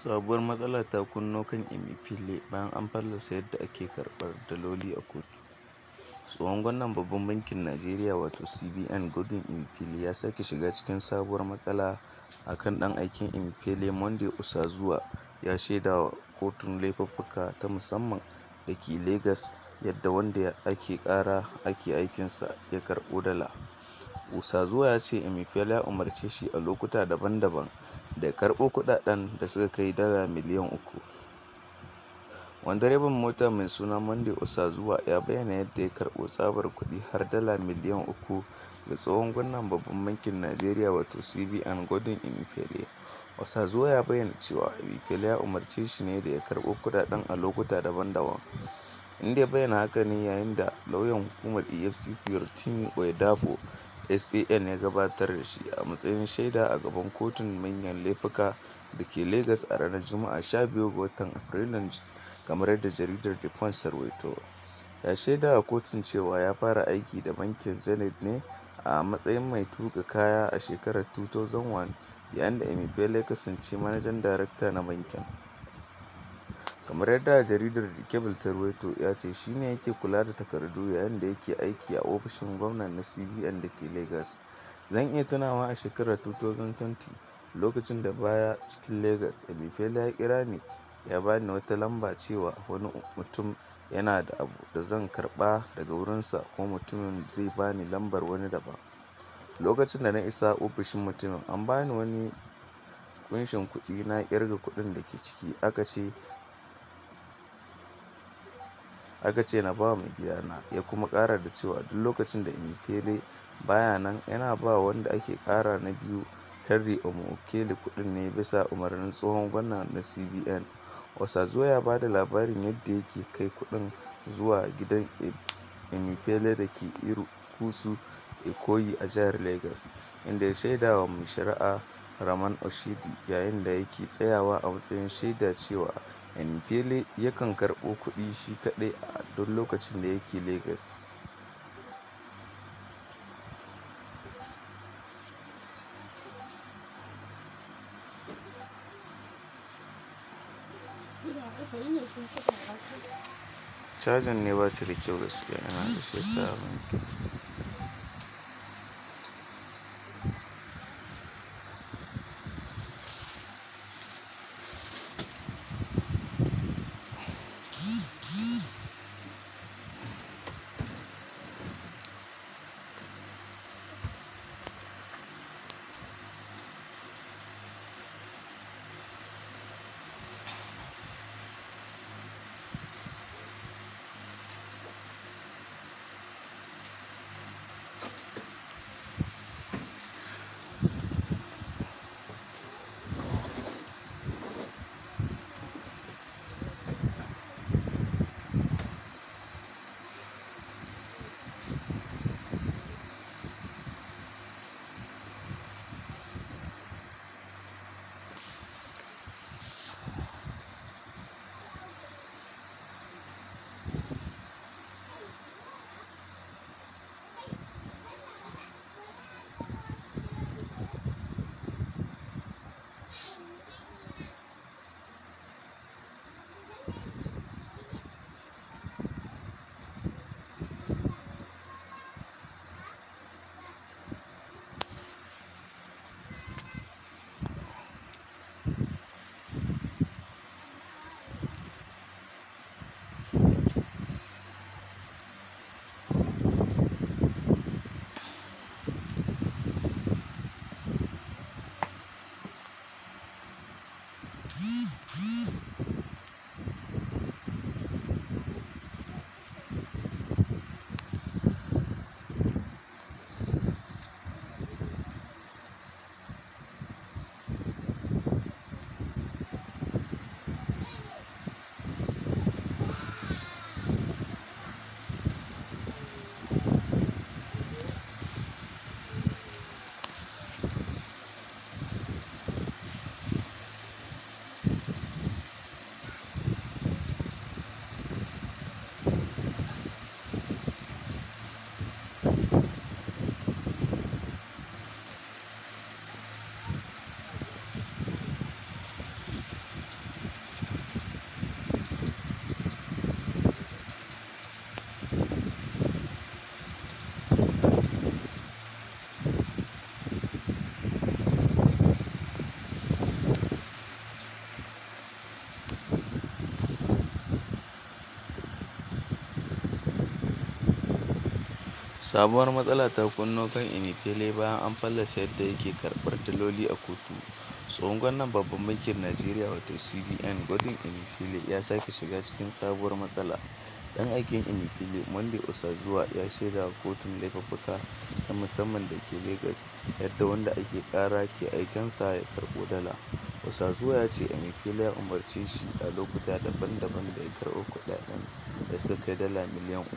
Sabuwar matsala ta kunno kan Emefiele bayan an fallasa yadda ake karɓar daloli a kotu. Tsohon gwamnan Babban Bankin Najeriya wato CBN Godwin Emefiele ya sake shiga cikin sabuwar matsala a kan ɗan aikin Emefiele Monday zuwa ya shaida wa Kotun Laifuffuka ta Musamman da ke Legas yadda wanda ake ƙara ake aikinsa ya karɓo dala. usazuwa ya ce Emefiele ya umarce shi a lokuta daban-daban da ya karɓo kuɗaɗen da suka kai dala miliyan uku. Wani direban mota mai suna Monday usazuwa ya bayyana yadda ya karɓo tsabar kuɗi har dala miliyan uku ga tsohon gwamnan Babban Bankin Najeriya wato CBN gordon Emefiele. usazuwa ya bayyana cewa Emefiele ya umarce shi ne da ya karɓo kuɗaɗen a lokuta daban-daban, inda ya bayyana haka ne yayin da lauyan hukumar EFCC Rotimi Oyedapmo SAN ya gabatar da shi a matsayin shaida a gaban Kotun Manyan Laifuka da ke Legas a ranar Juma'a 12 ga watan Afrilun kamar yadda jaridar The Punch ta Ya shaida a kotun cewa ya fara aiki da bankin Zenith ne a matsayin mai tuka kaya a shekarar 2001 yayin da Emefiele ya kasance manajan darakta na bankin. kamar yadda jaridar the cable ta ruwaito ya ce shi ne yake kula da takardu yayin da yake aiki a ofishin gwamnan na cbn da ke lagos zan iya tunawa a shekarar 2020 lokacin da baya cikin lagos emefiele ya kira ni ya bani wata lamba cewa wani mutum yana da abu da zan karba daga wurinsa kuma mutumin zai bani lambar wani daban lokacin da na isa ofishin mutumin an bani wani kunshin kudi na kirga kudin da ke ciki aka ce aka ce na ba wa maigidana, ya kuma ƙara da cewa duk lokacin da Emefiele fele baya nan, yana ba wanda ake ƙara na biyu Henry Omoakele kudin ne bisa umarnin tsohon gwamna na CBN. Obasanjo ya ba da labarin yadda yake kai kudin zuwa gidan Emefiele da ke irkutsk Ikoyi a jihar Legas, inda ya shaida wa mai shari'a Ramon Oshodi yayin da yake tsayawa a matsayin shaida cewa Emefiele yakan karɓo kuɗi shi kaɗai a duk lokacin da yake Legas. Cajan ne ba shi da kyau gaskiya yana da shi yasa sabuwar matsala ta kunno kan emefiele bayan an fallasa yadda yake karɓar daloli a kotu tsohon gwamnan babban bankin najeriya wato cbn godwin emefiele ya sake shiga cikin sabuwar matsala dan aikin emefiele monday osazuwa ya shaida kotun laifuka ta musamman da ke lagos yadda wanda ake kara ke aikinsa ya karɓo dala osazuwa ya ce emefiele ya umarce shi a lokuta daban-daban da ya karɓo kuɗaɗen da suka kai dala miliyan uku